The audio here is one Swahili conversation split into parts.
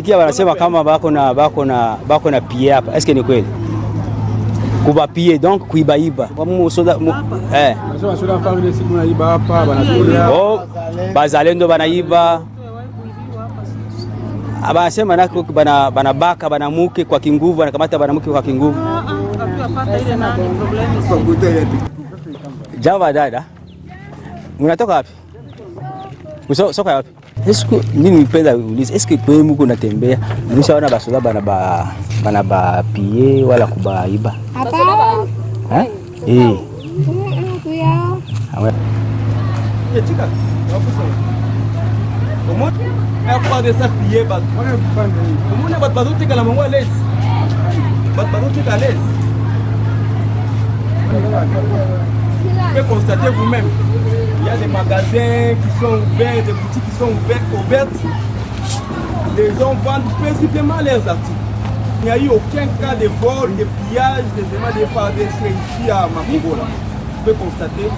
nasikia wanasema kama bako na bako na bako na pie hapa, eske ni kweli? Kuba pie donc kuiba iba. soda mu eh, soda siku na iba hapa bana kulia. Oh, bazalendo bana iba. Aba sema na kuku bana bana baka bana muke kwa kinguvu, bana muke kwa kinguvu. Java dada, Unatoka wapi? Soko wapi? mimi nipenda ulize eske kweli muko natembea mshaona basoda bana ba bana ba pie wala kubaiba eh eh Vous constatez vous-même. Il y a des magasins qui sont ouverts, des boutiques qui sont ouvertes, ouvertes. Les gens vendent principalement leurs articles. Il n'y a eu aucun cas de vol, de pillage, de demande de fabrication ici à Makobo. Vous pouvez constater.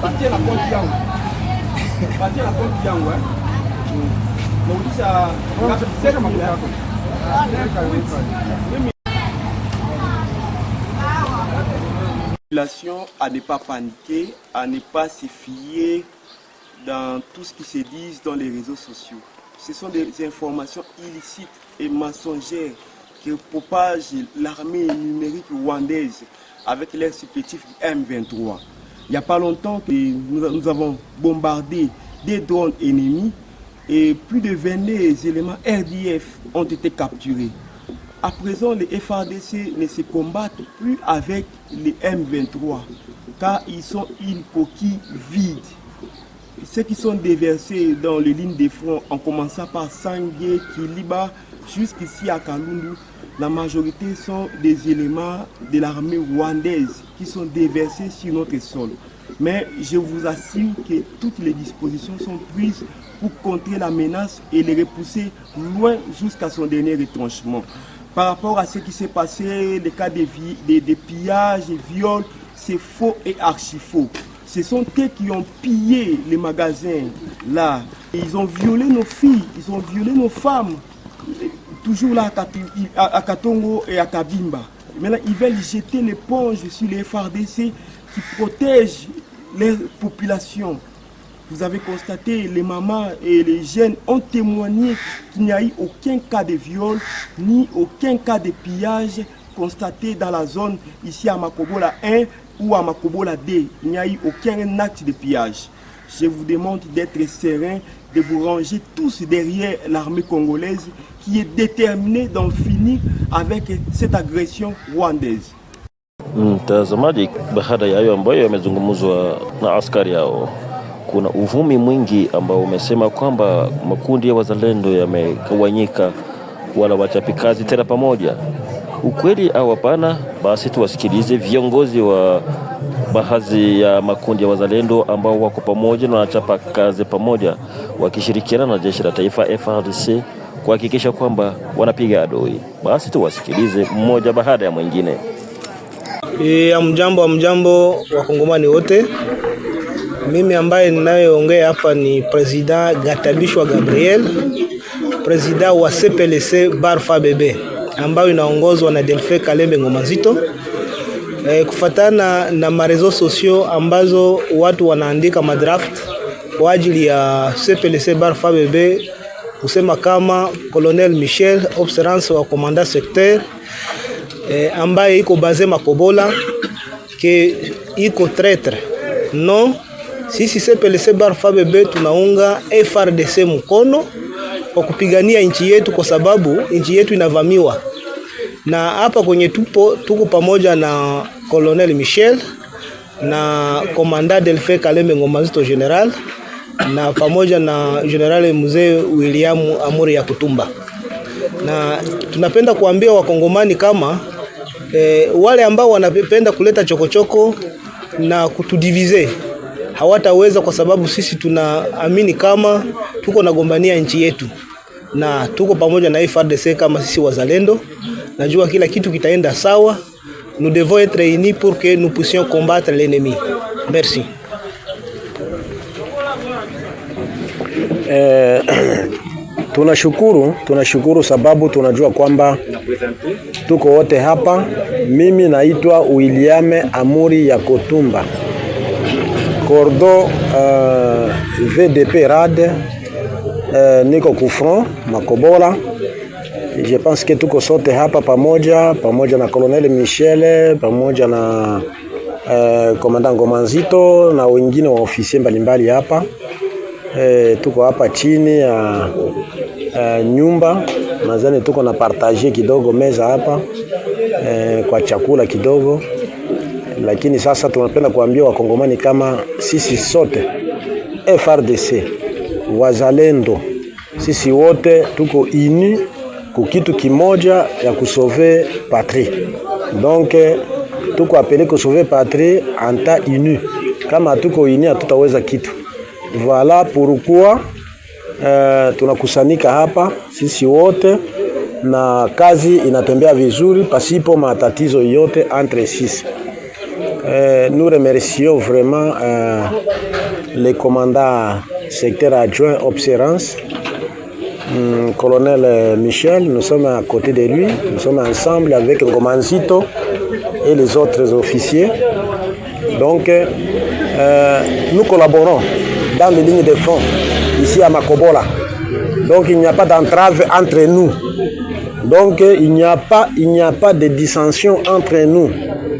Partir la compte Yang. Partir la compte Yang, Hein. Donc on ça. C'est population à ne pas paniquer, à ne pas se fier dans tout ce qui se dit dans les réseaux sociaux. Ce sont des informations illicites et mensongères que propage l'armée numérique rwandaise avec l'air supplétif M23. Il n'y a pas longtemps que nous, avons bombardé des drones ennemis et plus de 20 éléments RDF ont été capturés. À présent, les FADC ne se combattent plus avec les M23, car ils sont une coquille vide. Ceux qui sont déversés dans les lignes de front, en commençant par Sangé, Kiliba, jusqu'ici à Kalundu, la majorité sont des éléments de l'armée rwandaise qui sont déversés sur notre sol. Mais je vous assure que toutes les dispositions sont prises pour contrer la menace et les repousser loin jusqu'à son dernier retranchement par rapport à ce qui s'est passé, les cas de, de, des pillages et viols, c'est faux et archi faux. Ce sont eux qui ont pillé les magasins là. Ils ont violé nos filles, ils ont violé nos femmes. Toujours là à Katongo et à Kabimba. Maintenant, ils veulent jeter l'éponge sur les FRDC qui protègent les populations. Vous avez constaté, les mamans et les jeunes ont témoigné qu'il n'y a eu aucun cas de viol ni aucun cas de pillage constaté dans la zone ici à Makobola 1 ou à Makobola 2. Il n'y a eu aucun acte de pillage. Je vous demande d'être serein, de vous ranger tous derrière l'armée congolaise qui est déterminée d'en finir avec cette agression rwandaise. kuna uvumi mwingi ambao umesema kwamba makundi ya wazalendo yamekawanyika wala wachapi kazi tena pamoja. Ukweli au hapana? Basi tuwasikilize viongozi wa baadhi ya makundi ya wazalendo ambao wako pamoja na wanachapa kazi pamoja, wakishirikiana na jeshi la taifa FARDC kuhakikisha kwamba wanapiga adui. Basi tuwasikilize mmoja baada ya mwingine. Ee, amjambo, amjambo wakongomani wote mimi ambaye ninayeongea hapa ni President Gatabishwa Gabriel, President wa CPLC Barfa Bebe ambayo inaongozwa na Delfe Kalembe Ngomazito. E, eh, kufatana na marezo sosio ambazo watu wanaandika madraft kwa ajili ya CPLC Barfa Bebe kusema kama Colonel Michel Obserance wa Komanda Secteur e, ambaye iko baze Makobola ke iko tretre no sisi CPLC Bar fabebe tunaunga FRDC mkono kwa kupigania nchi yetu, kwa sababu nchi yetu inavamiwa, na hapa kwenye tupo tuko pamoja na Colonel Michel na Komanda Delfe Kalembe Ngomazito General na pamoja na General Mzee William Amuri ya Kutumba, na tunapenda kuambia Wakongomani kama eh, wale ambao wanapenda kuleta chokochoko choko na kutudivize hawataweza, kwa sababu sisi tunaamini kama tuko nagombania nchi yetu na tuko pamoja na FARDC kama sisi wazalendo. Najua kila kitu kitaenda sawa. Nous devons être unis pour que nous puissions combattre l'ennemi. Merci. Eh, tunashukuru tunashukuru sababu tunajua kwamba tuko wote hapa. Mimi naitwa William Amuri ya Kotumba. Kordo uh, VDP Rad uh, niko kufron Makobola. Je pense que tuko sote hapa pamoja pamoja na Colonel Michele pamoja na uh, ngoma nzito na wengine wa ofisi mbalimbali hapa uh, tuko hapa chini ya uh, uh, nyumba nazani tuko na partager kidogo meza hapa uh, kwa chakula kidogo lakini sasa tunapenda kuambia wakongomani kama sisi sote FRDC wazalendo, sisi wote tuko ini kukitu kimoja ya kusove patrie, donc tuko apele kusove patrie anta inu. Kama tuko ini hatutaweza kitu. Vala pourquoi eh, tunakusanika hapa sisi wote na kazi inatembea vizuri pasipo matatizo yote entre sisi. Euh, nous remercions vraiment le euh, les commandants secteur adjoint Obserance, hum, colonel euh, Michel. Nous sommes à côté de lui. Nous sommes ensemble avec Gomansito et les autres officiers. Donc, nous collaborons dans les lignes de front, ici à Makobola. Donc, il n'y a pas d'entrave entre nous. Donc, il n'y a, pas, il a pas de dissension entre nous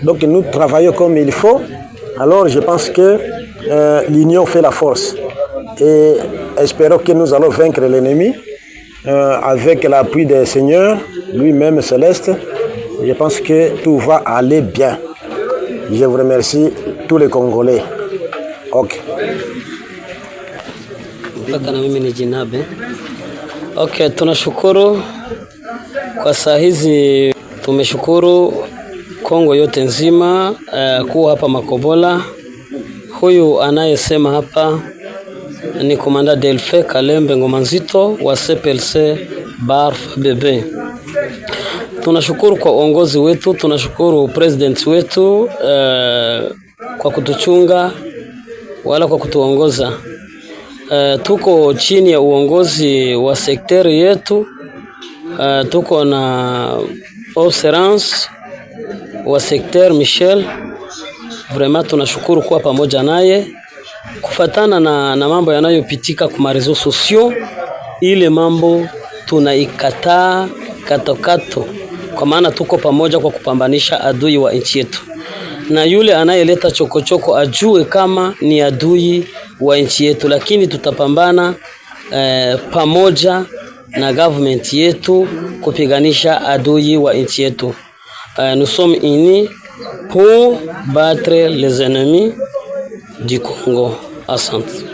donc nous travaillons comme il faut. Alors je pense que euh, l'union fait la force. Et espérons que nous allons vaincre l'ennemi euh, avec l'appui des seigneurs, lui-même céleste. Je pense que tout va aller bien. Je vous remercie tous les Congolais. Ok. Ok, tunashukuru kwa hizi tumeshukuru Kongo yote nzima, uh, eh, kuwa hapa Makobola. Huyu anayesema hapa ni Komanda Delfe Kalembe Ngoma Nzito wa CPLC Bar BB. Tunashukuru kwa uongozi wetu, tunashukuru president wetu uh, kwa kutuchunga wala kwa kutuongoza. Uh, tuko chini ya uongozi wa sekteri yetu. Uh, tuko na observance wa Sekter Michel, vraiment tunashukuru kuwa pamoja naye kufatana na, na mambo yanayopitika kwa marezo sosio, Ile mambo tunaikataa katokato, kwa maana tuko pamoja kwa kupambanisha adui wa nchi yetu, na yule anayeleta chokochoko ajue kama ni adui wa nchi yetu, lakini tutapambana eh, pamoja na government yetu kupiganisha adui wa nchi yetu. Euh, nous sommes unis pour battre les ennemis du Congo. à Asante.